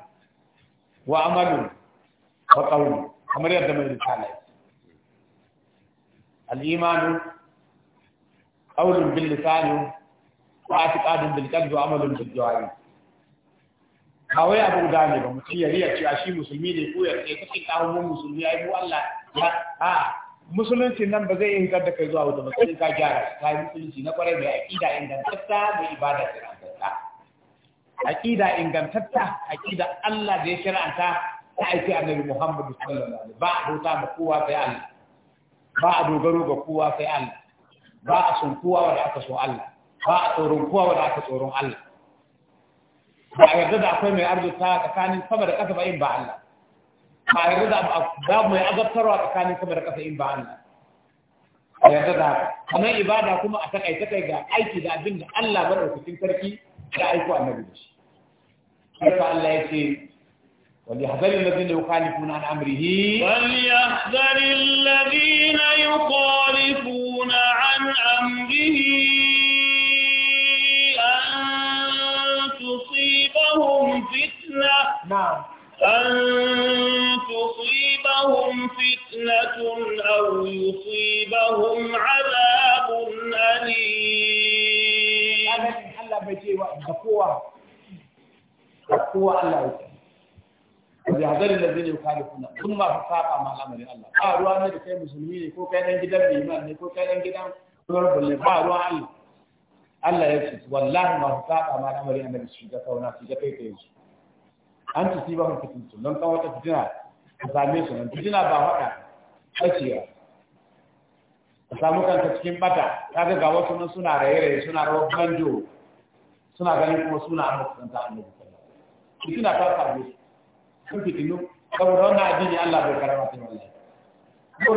[SPEAKER 2] wa amalu wa qawlu kamar yadda mai rikala al-imanu qawlun bil lisan wa i'tiqadun bil qalbi wa amalun bil jawari ba wai abu guda ne ba mutum ya riya cewa shi musulmi ne ko ya ce kake kawo mu musulmi ai mu Allah ya a musulunci nan ba zai yi hitar da kai zuwa wata ba sai ka gyara ka yi musulunci na kwarai mai aqida ingantatta mai ibada ingantatta aqida ingantatta aqida Allah da ya shar'anta ta aiki annabi Muhammadu sallallahu alaihi wasallam ba abota ma kowa sai Allah ba a dogaro ga kowa sai Allah باع سنقوة ولا حتسو الله باع سنقوة ولا حتسو الله ما يرد عفوا من أرض الثالثة كان الفمر كتب إن باع الله ما يرد باب ما يأذب ثروة كان الفمر كتب إن باع الله يرد عفوا كما إبادة كما أتك أي تك إذا أي تذا بن الله بره في تركي لا أيكو أن نبيش كيف الله يسير وليحذر الذين يخالفون عن أمره
[SPEAKER 1] وليحذر الله
[SPEAKER 2] kowa Allah ya ce bi hadarin da zai kare kuna kun ma fi saba ma al'amari Allah ba ruwa ne da kai musulmi ne ko kai dan gidan liman ne ko kai dan gidan ruwan bulle ba ruwa Allah Allah ya ce wallahi ma fi saba ma al'amari annabi shi ga kauna shi ga kai kai shi an ci ba mun fitin su don kawo ta fitina ka same su nan fitina ba haka tsakiya ka samu kanka cikin bata kaga ga wasu nan suna raye-raye suna rawar banjo suna ganin kuma suna amma kusanta annabi fitina ta ti tinu sun fitinu saboda wannan addini Allah bai karama ta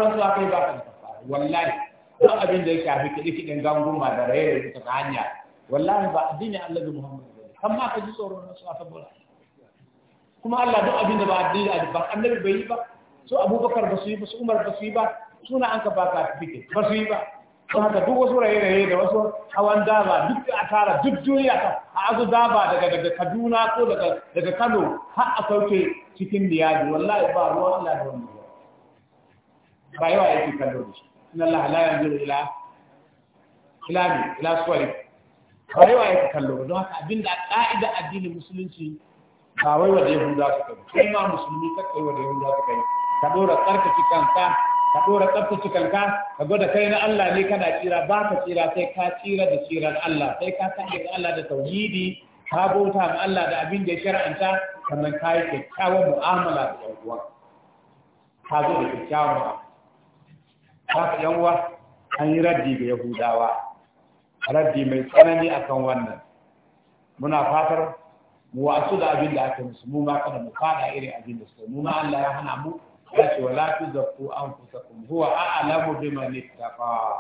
[SPEAKER 2] wallahi sauran su akai ba ka da kafara wallahi don abin da ya shafi kiɗi kiɗin ma da raye da ta hanya wallahi ba addini Allah da Muhammadu bai amma ka ji tsoron su aka bora kuma Allah duk abin da ba addini ba annabi bai yi ba su Abubakar ba su yi ba su Umar ba su yi ba suna an ka ba ka fitin ba su yi ba don haka duk wasu raye-raye da wasu hawan daba duk a tara duk duniya ta a azu daba daga daga kaduna ko daga daga kano har a sauke cikin diyaji wallahi ba ruwa Allah da wannan ba yawa yake kallo da shi inna Allah la yanzuru ila ila ila suwari ba yawa yake kallo don haka abinda ka'ida addinin musulunci ba wai wa da yahuda suka yi kai ma musulmi kakkai wa da yahuda suka yi ka dora tsarkake kanka ka ɗora tsabtace kanka ka gwada kai na Allah ne kana tsira ba ka tsira sai ka tsira da tsiran Allah sai ka sa ga Allah da tauhidi ka bauta ma Allah da abin da ya shar'anta sannan ka yi kyakkyawar mu'amala da yan uwa ka zo da kyakkyawar mu'amala ka ka uwa an yi raddi ga Yahudawa raddi mai tsanani akan wannan muna fatar mu wasu da abin da aka musu mu ma kada mu faɗa irin abin da suka mu ma Allah ya hana mu ya ce wala tuzakku anfusakum huwa a'lamu biman fa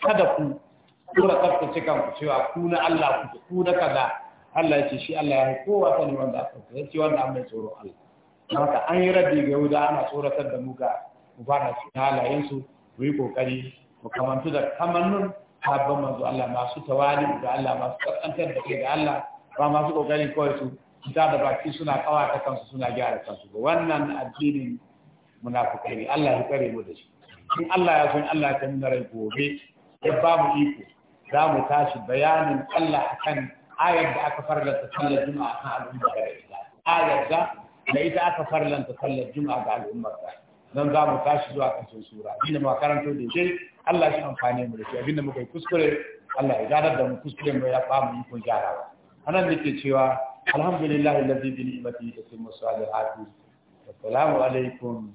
[SPEAKER 2] kada ku kura tsaftace kanku cewa ku na Allah ku ku na kaza Allah ya ce shi Allah ya yi kowa sani wanda aka ya ce wanda an mai tsoro Allah don haka an yi rabbi ga Yahuda ana tsoratar da mu ga mu fara cikin halayensu mu yi kokari mu kamantu da kamannun sabon manzo Allah masu tawali da Allah masu kaskantar da kai Allah ba masu kokari kawai su fita da baki suna kawata kansu suna gyara kansu ba wannan addinin munafukai ne Allah ya tsare mu da shi in Allah ya san Allah ta nuna rai gobe ya ba mu iko za mu tashi bayanin Allah akan ayar da aka farlanta sallar juma'a kan al'ummar da ita ayar da da ita aka farlanta sallar juma'a ga al'ummar da dan za mu tashi zuwa karshen sura inda da karanto da shi Allah shi amfani mu da shi abinda muka yi kuskure Allah ya gadar da mu kuskure mu ya ba mu ikon gyarawa anan nake cewa alhamdulillahi alladhi bi ni'matihi tatimmu salihati assalamu alaikum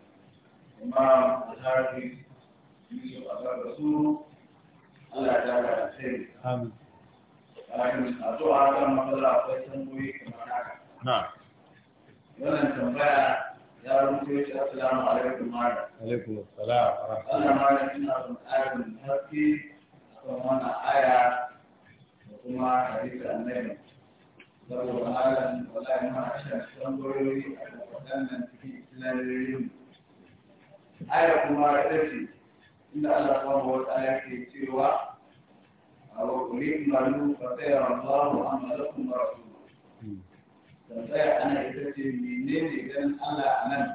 [SPEAKER 2] imam al-hafiz yusuf al-rasul Allah ya tara da sai amin amin a to a kan matsala akwai tambayoyi kamar haka na wannan tambaya ya rubuce shi assalamu alaikum malam alaikum assalam Allah malam ina son ƙarin haske akan wannan aya da kuma hadisi annabi saboda malam wallahi ma a shi tambayoyi a waɗannan cikin islamiyyar aya kuma ta ce inda Allah subhanahu wata aya ke cewa wa kulli malu fa sayara Allahu amalakum wa rasuluhu dan sai ana ita ce menene dan Allah anan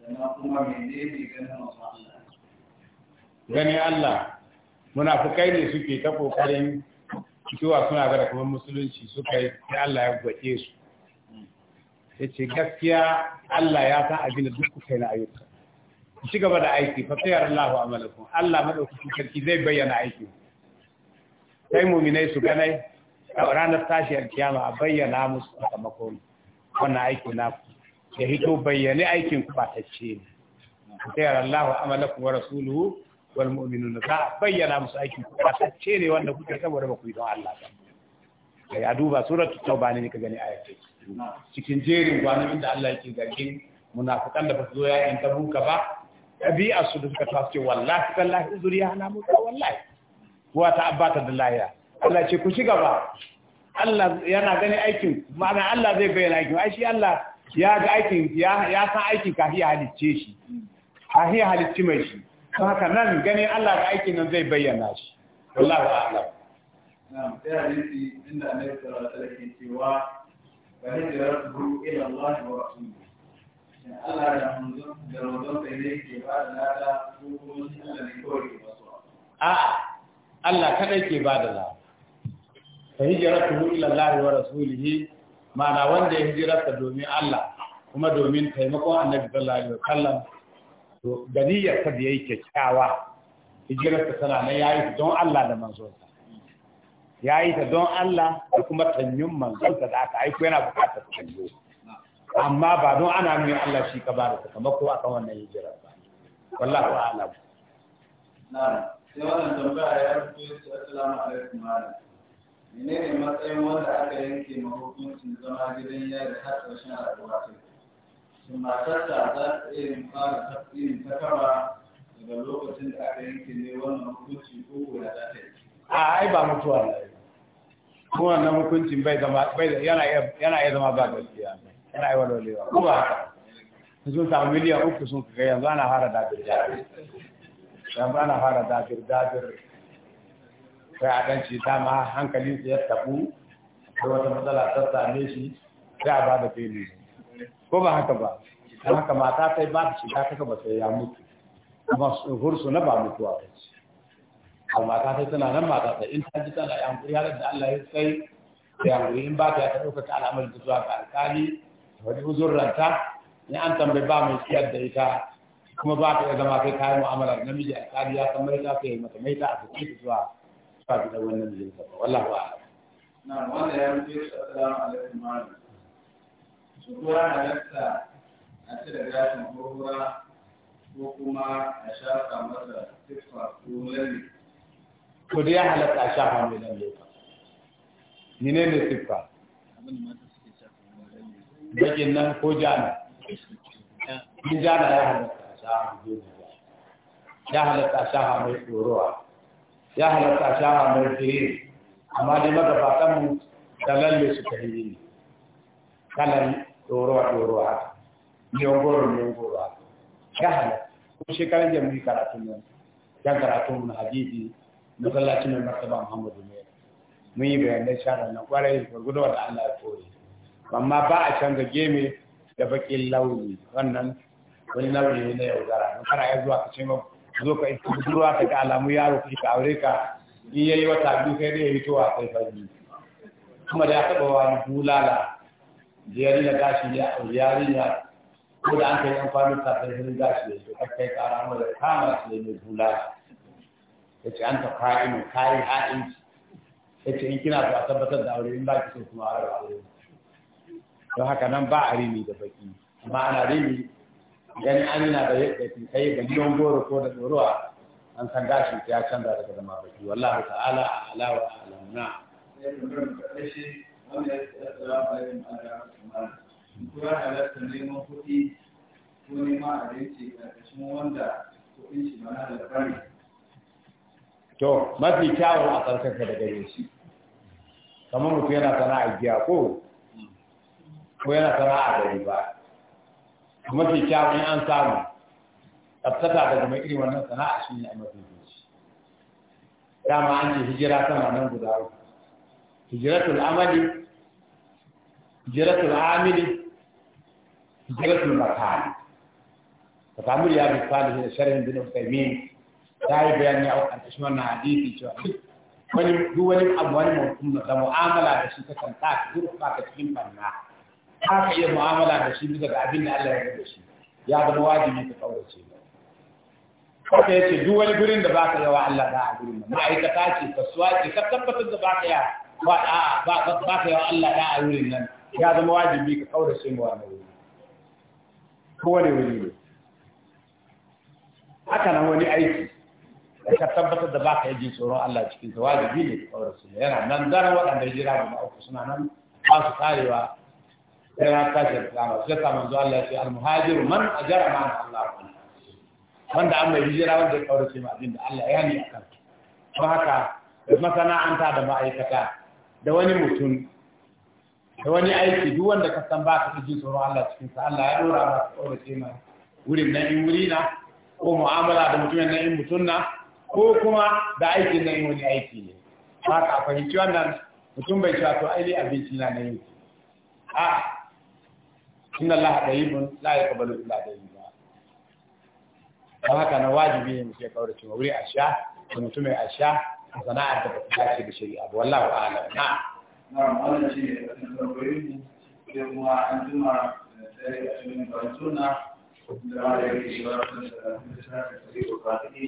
[SPEAKER 2] sannan kuma menene idan manzo Allah gani Allah munafukai ne suke ta kokarin cewa suna gara kuma musulunci suka yi sai Allah ya gwaje su ya ce gaskiya Allah ya san abin da duk kuka na ayyuka ci gaba da aiki fa sayar Allahu amalakum Allah madaukakin sarki zai bayyana aiki sai mu'minai su ganai a ranar tashiyar kiyama a bayyana musu makon wannan aiki na ya hito bayyane aikin ku batacce ne sayar Allahu amalakum wa rasuluhu wal mu'minun ka bayyana musu aikin ku batacce ne wanda kuke saboda ba ku yi don Allah ba kai a duba suratul tauba ne ka gani ayat cikin jerin gwanin da Allah yake zargin munafikan da ba su zo ya in tabuka ba ɗabi'a su da suka tasu wallahi tallahi uzuri ya hana mu wallahi kuwa ta abata da lahiya Allah ce ku ci gaba Allah yana gani aikin ma'ana Allah zai bayyana aikin ai shi Allah ya ga aikin ya san aikin hiya halicce shi hiya halicci mai shi to haka nan gani Allah ga aikin nan zai bayyana shi wallahi a'lam na'am sai hadisi inda annabi sallallahu alaihi wasallam cewa wa hijratu ila Allah wa rasulihi A'a, Allah kaɗai ke ba da lafi. Ka hijira tuhu ilallahi wa rasulihi, ma'ana wanda ya hijirarsa domin Allah, kuma domin taimakon annabi sallallahu alaihi wasallam to ganiyarsa da yi kyakkyawa hijirarsa sana na yayi ta don Allah da manzonsa yayi ta don Allah da kuma tanyun manzonsa da aka aiko yana bukatar tanyo amma ba don ana nuna Allah shi ka ba da sakamako kan wannan hijira ba wallahi a'lam na sai wannan tambaya ya fito assalamu alaikum ne matsayin wanda aka yanke mahukuncin zama gidan yari har ƙarshen rayuwa ta shin matarsa za ta iya yin fara tafsirin ta kama daga lokacin da aka yanke ne wannan hukunci ko da za ta yi a ai ba mutuwa ne ko wannan hukuncin bai zama bai yana iya zama ba gaskiya yana yi walwalewa ko ba haka sun samu miliyan uku sun kaga yanzu ana fara dafir dafir yanzu ana fara dafir dafir sai a ɗan ce dama hankalin ya tabu da wata matsala ta same shi sai a ba da fili ko ba haka ba don haka mata ta ba ta shiga kaka ba sai ya mutu kuma hursu na ba mutuwa ba ce amma ta tana nan mata ta in ta ji tana yankuri har da Allah ya sai yankuri in ba ta ya ta ɗaukaka al'amarin ta zuwa ga alƙali wani uzurranta ni an tambayi ba mai siyar da ita kuma ba ta zama kai kayan mu'amalar namiji a tsari ya san maita ta yi mata maita a cikin ta zuwa ta fi da wannan mijin ta wallah ba na wanda ya rufe assalamu alaikum malam su kura halatta a ci da gashin kurkura ko kuma a shafa masa tifa ko lalle ko dai ya halatta a shafa mai lalle menene ne ne da bakin nan ko jana in jana ya halatta a shaha mai ya halatta a shaha mai tsorowa ya halatta a shaha mai fere amma dai magabatan mu da lalle su ta yi ne kanan tsorowa tsorowa haka yongoro yongoro haka ya halatta ko shekaran jami'i karatun nan jan karatun mun hadisi masallacin mai martaba muhammadu ne mun yi bayanai na kwarai gwargwado da allah ya kori amma ba a canza geme da bakin launi wannan wani launi ne na yaudara in kana ya zuwa ka ce ma zo ka isa budurwa ta ga alamu yaro kuɗi ka aure ka in yayi wata biyu kai ya yi towa kai fari kuma da ya taɓa wani bulala da ya rina gashi ya yarinya ko da an kai yan kwanuka kai sun gashi ya ce kai kara mu da kama su ne bulala ya ce an ta kayan kayan ha'inci ya ce in kina so a tabbatar da aure in ba ki so kuma a aure don haka nan ba a rini da baki amma ana rini gani an yana da yadda ke kai da gidan goro ko da tsoruwa an san gashin ya canza daga zama baki wallahu ta'ala ala wa alamna kuma neman kuɗi ko neman abinci wanda kuɗin shi mana da to mafi kyawun a tsarkaka da gare shi kamar mutu yana sana'ar giya ko ko yana sana'a gari ba kuma ke kyawun in an samu tsabtata daga mai iri wannan sana'a shi ne a mafi zuci dama an ce hijira sama nan guda uku hijiratul amali hijiratul amili hijiratul makali ta samu ya bi kwali da sharhin bin usaimin ta yi bayani a ƙarƙashin wannan hadisi cewa wani duk wani abu wani mutum da mu'amala da shi ta kanta ta zurfa ta cikin banna ba ka iya mu'amala da shi bisa ga abin da Allah ya da shi ya zama wajibi ka kaurace ba haka yace duk wani gurin da baka yawa Allah ba a gurin ma'aikata ce kasuwa ce ka tabbatar da baka ya ba a ba baka yawa Allah da a wurin nan ya zama wajibi ka kaurace mu wannan wuri ko wani wuri ne haka nan wani aiki da ka tabbatar da baka yi tsoron Allah cikin sa wajibi ne ka kaurace yana nan daren waɗanda jira guda uku suna nan ba su karewa sai ya kashe tilawa sai ta manzo Allah ya ce almuhajiru man ajara ma Allah wanda an mai hijira wanda ya kaurace ma abin da Allah ya ni akan Ko haka da masana'anta da ma'aikata da wani mutum da wani aiki duk wanda ka san ba ka ji tsoro Allah cikin sa Allah ya dora ma kaurace ma wurin nan in wuri na ko mu'amala da mutumin nan in mutum na ko kuma da aikin nan wani aiki ne haka a fahimci wannan mutum bai cewa to aile abinci na na yau a inna Allah dayyibun la yaqbalu illa dayyiba don haka na wajibi ne mutum ya kaura cewa wuri a sha da mutum mai a sha a sana'ar da ta dace da shari'a ba wallahu a'lam na na wannan shi ne tambayoyin sai kuma an jima sai a cikin suna da ya yi shi ba da ta da
[SPEAKER 1] ta da